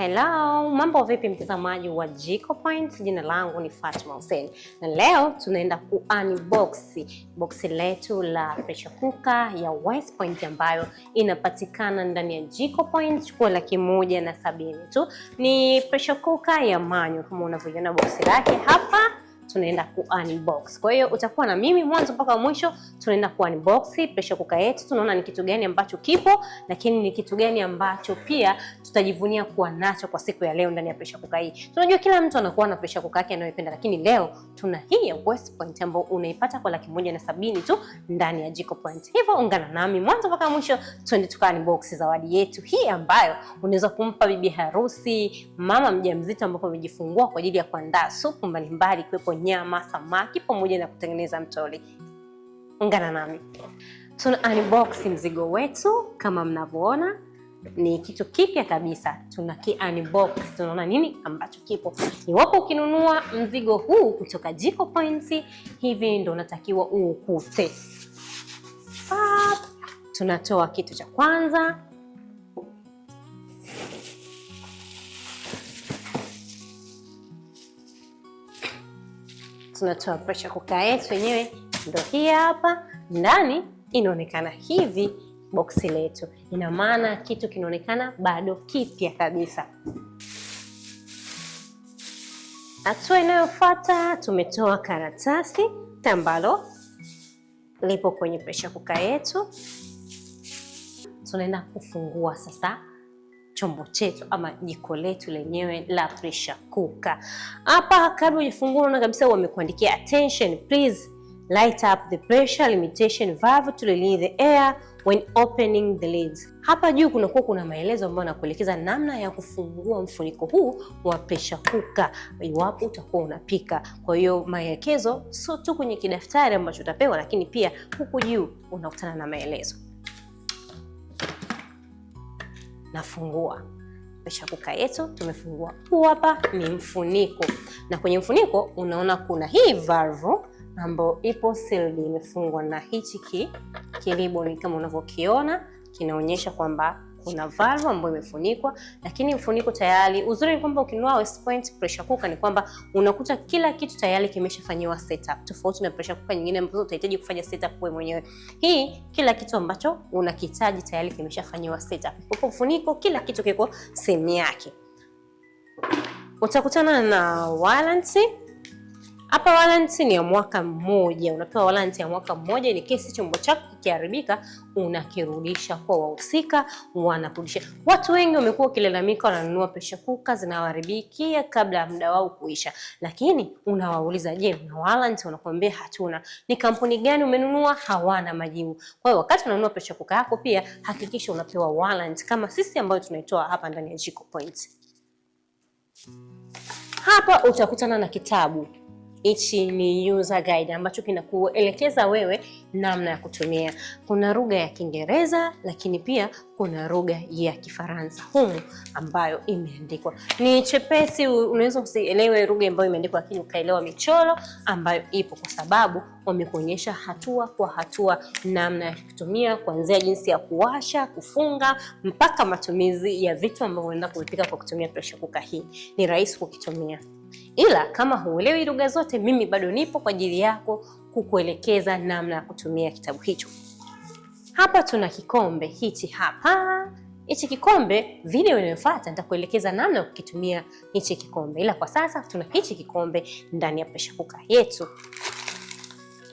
Hello, mambo vipi mtazamaji wa Jiko Point? Jina langu ni Fatma Hussein. Na leo tunaenda ku-unbox boksi letu la pressure cooker ya West Point ambayo inapatikana ndani ya Jiko Point kwa laki moja na sabini tu. Ni pressure cooker ya manyo kama unavyoiona boksi lake hapa tunaenda ku unbox. Kwa hiyo utakuwa na mimi mwanzo mpaka mwisho, tunaenda ku unbox pressure cooker yetu, tunaona ni kitu gani ambacho kipo, lakini ni kitu gani ambacho pia tutajivunia kuwa nacho kwa siku ya leo ndani ya pressure cooker hii. Tunajua kila mtu anakuwa na pressure cooker yake anayoipenda, lakini leo tuna hii ya West Point ambayo unaipata kwa laki moja na sabini tu ndani ya Jiko Point. Hivyo ungana nami mwanzo mpaka mwisho, twende tuka unbox zawadi yetu hii ambayo unaweza kumpa bibi harusi, mama mjamzito ambapo amejifungua kwa ajili ya kuandaa supu mbalimbali kuwepo nyama, samaki pamoja na kutengeneza mtoli. Ungana nami, tuna unbox mzigo wetu kama mnavyoona ni kitu kipya kabisa, tuna ki unbox, tunaona nini ambacho kipo. Iwapo ukinunua mzigo huu kutoka Jiko Points, hivi ndo unatakiwa uukute. Tunatoa kitu cha kwanza tunatoa pressure cooker yetu yenyewe ndio hii hapa. Ndani inaonekana hivi boksi letu, ina maana kitu kinaonekana bado kipya kabisa. Hatua inayofuata tumetoa karatasi ambalo lipo kwenye pressure cooker yetu, tunaenda kufungua sasa chombo chetu ama jiko letu lenyewe la pressure cooker. Hapa kabla hujafungua, unaona kabisa wamekuandikia attention please light up the pressure limitation valve to release the air when opening the lids. Hapa juu kunakuwa kuna maelezo ambayo yanakuelekeza namna ya kufungua mfuniko huu wa pressure cooker iwapo utakuwa unapika. Kwa hiyo maelekezo sio tu kwenye kidaftari ambacho utapewa, lakini pia huku juu unakutana na maelezo nafungua kisha kuka yetu tumefungua. Huu hapa ni mfuniko, na kwenye mfuniko unaona kuna hii valve ambayo ipo sealed, imefungwa na hichi ki kiliboni kama unavyokiona kinaonyesha kwamba kuna valve ambayo imefunikwa, lakini mfuniko tayari. Uzuri ni kwamba ukinunua West Point pressure cooker ni kwamba unakuta kila kitu tayari kimeshafanyiwa setup, tofauti na pressure cooker nyingine ambazo utahitaji kufanya setup wewe mwenyewe. Hii kila kitu ambacho unakitaji tayari kimeshafanyiwa setup, upo mfuniko, kila kitu kiko sehemu yake. Utakutana na warranty hapa warranty ni ya mwaka mmoja, unapewa warranty ya mwaka mmoja, ni kesi chombo chako kikiharibika, unakirudisha kwa wahusika, wanakurudisha. Watu wengi wamekuwa wakilalamika, wananunua pesha kuka zinawaharibikia kabla ya muda wao kuisha, lakini unawauliza, je, na warranty? Wanakuambia hatuna. Ni kampuni gani umenunua? Hawana majibu. Kwa hiyo wakati unanunua pesha kuka yako, pia hakikisha unapewa warranty kama sisi ambayo tunaitoa hapa ndani ya Jiko Point. Hapa utakutana na kitabu Hichi ni user guide ambacho kinakuelekeza wewe namna ya kutumia. Kuna lugha ya Kiingereza lakini pia kuna lugha ya Kifaransa humu ambayo imeandikwa. Ni chepesi, unaweza usielewe lugha ambayo imeandikwa, lakini ukaelewa michoro ambayo ipo, kwa sababu wamekuonyesha hatua kwa hatua namna ya kutumia, kuanzia jinsi ya kuwasha, kufunga mpaka matumizi ya vitu ambavyo unaenda kuvipika kwa kutumia pressure cooker hii. Ni rahisi kukitumia ila kama huelewi lugha zote, mimi bado nipo kwa ajili yako kukuelekeza namna ya kutumia kitabu hicho. Hapa tuna kikombe hichi hapa. Hichi kikombe, video inayofuata nitakuelekeza namna ya kukitumia hichi kikombe, ila kwa sasa tuna hichi kikombe ndani ya pressure cooker yetu.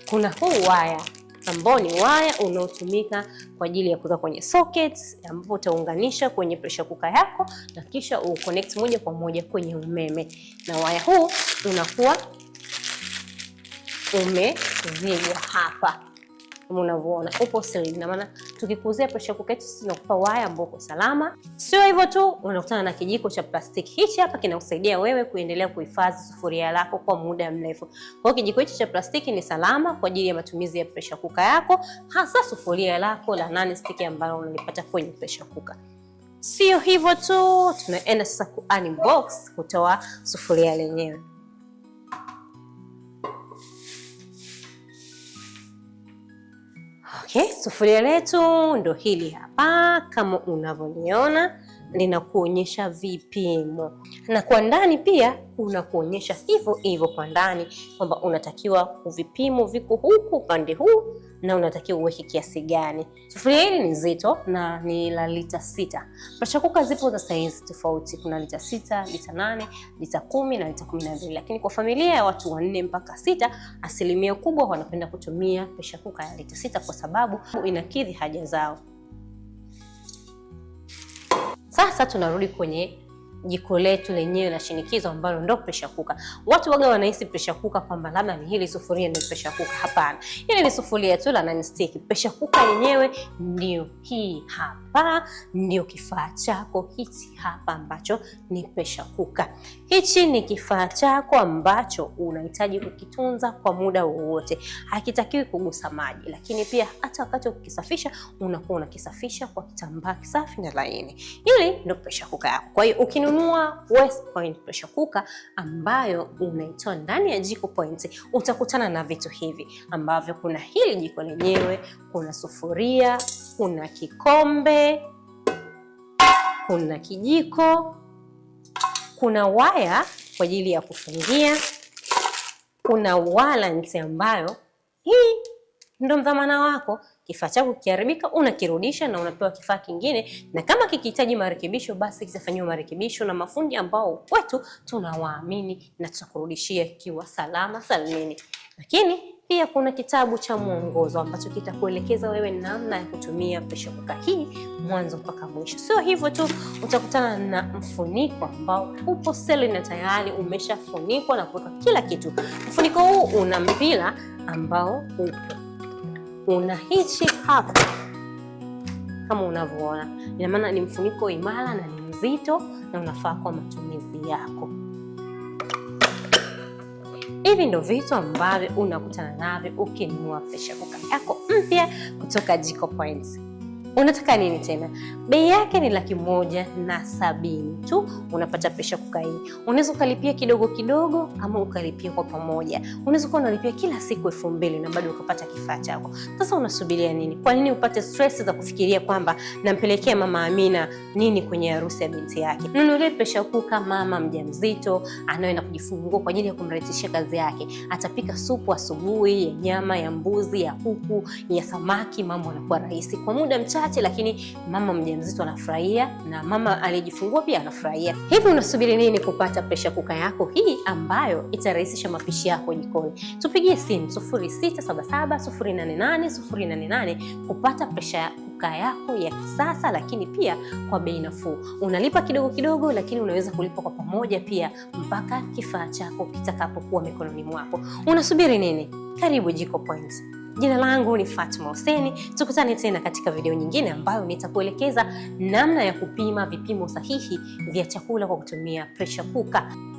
Kuna huu waya ambao ni waya unaotumika kwa ajili ya kuweka kwenye sockets, ambapo utaunganisha kwenye pressure cooker yako na kisha uconnect moja kwa moja kwenye umeme, na waya huu unakuwa umezigwa hapa kama unavyoona sili, na maana tukikuzia pressure cooker sisi tunakupa waya ambao uko salama. Sio hivyo tu, unakutana na kijiko cha plastiki hichi hapa, kinakusaidia wewe kuendelea kuhifadhi sufuria lako kwa muda mrefu. Kwa kijiko hichi cha plastiki ni salama kwa ajili ya matumizi ya pressure kuka yako, hasa sufuria lako la non stick ambalo unalipata kwenye pressure kuka. Sio hivyo tu, tunaenda sasa ku unbox kutoa sufuria lenyewe. Okay, sufuria letu ndo hili hapa kama unavyoliona linakuonyesha vipimo, na kwa ndani pia kuna kuonyesha hivyo hivyo kwa ndani kwamba unatakiwa uvipimu viko huku upande huu na unatakiwa uweke kiasi gani. Sufuria hili ni zito na ni la lita sita. Pressure cooker zipo za size tofauti, kuna lita sita, lita nane, lita kumi na lita kumi na mbili, lakini kwa familia ya watu wanne mpaka sita, asilimia kubwa wanapenda kutumia pressure cooker ya lita sita kwa sababu inakidhi haja zao. Sasa tunarudi kwenye jiko letu lenyewe la shinikizo ambalo ndo pressure cooker. Watu waga wanahisi pressure cooker kwamba labda ni hili sufuria ni pressure cooker. Hapana, hili ni sufuria tu la non stick. Pressure cooker yenyewe ndio hii hapa, ndio kifaa chako hichi hapa ambacho ni pressure cooker. Hichi ni kifaa chako ambacho unahitaji kukitunza kwa muda wowote, hakitakiwi kugusa maji, lakini pia hata wakati ukisafisha unakuwa unakisafisha kwa kitambaa kisafi na laini. Hili ndio pressure cooker yako. Kwa hiyo ukinunua Ukichomoa West Point pressure cooker ambayo unaitoa ndani ya Jiko Point utakutana na vitu hivi ambavyo kuna hili jiko lenyewe, kuna sufuria, kuna kikombe, kuna kijiko, kuna waya kwa ajili ya kufungia, kuna walansi ambayo hii ndo mdhamana wako Kifaa chako kikiharibika, unakirudisha na unapewa kifaa kingine, na kama kikihitaji marekebisho, basi kitafanyiwa marekebisho na mafundi ambao kwetu tunawaamini na tutakurudishia kiwa salama salimini. Lakini pia kuna kitabu cha mwongozo ambacho kitakuelekeza wewe namna ya kutumia pressure cooker hii mwanzo mpaka mwisho. Sio hivyo tu, utakutana na mfuniko ambao upo seli na tayari umeshafunikwa na kuweka kila kitu. Mfuniko huu una mpira ambao upo unahichi hapa kama unavyoona, ina maana ni mfuniko imara na ni mzito na unafaa kwa matumizi yako. Hivi ndo vitu ambavyo unakutana navyo ukinunua pressure cooker yako mpya kutoka Jiko Points. Unataka nini tena? Bei yake ni laki moja na sabini tu, unapata pesha kukaa hii. Unaweza ukalipia kidogo kidogo, ama ukalipia kwa pamoja. Unaweza kuwa unalipia kila siku elfu mbili na bado ukapata kifaa chako. Sasa unasubiria nini? Kwa nini upate stress za kufikiria kwamba nampelekea mama Amina nini kwenye harusi ya binti yake? Nunulie pesha kuka mama mjamzito anaoenda kujifungua kwa ajili ya kumrahisishia kazi yake. Atapika supu asubuhi ya nyama ya mbuzi, ya kuku, ya samaki, mambo anakuwa rahisi kwa muda mchache chache, lakini mama mjamzito anafurahia na mama aliyejifungua pia anafurahia. Hivi unasubiri nini kupata pressure cooker yako hii ambayo itarahisisha mapishi yako jikoni? Tupigie simu 0677088088 kupata pressure cooker yako ya kisasa, lakini pia kwa bei nafuu. Unalipa kidogo kidogo, lakini unaweza kulipa kwa pamoja pia mpaka kifaa chako kitakapokuwa mikononi mwako. Unasubiri nini? Karibu Jiko Point. Jina langu ni Fatma Hussein. Tukutane tena katika video nyingine ambayo nitakuelekeza namna ya kupima vipimo sahihi vya chakula kwa kutumia pressure cooker.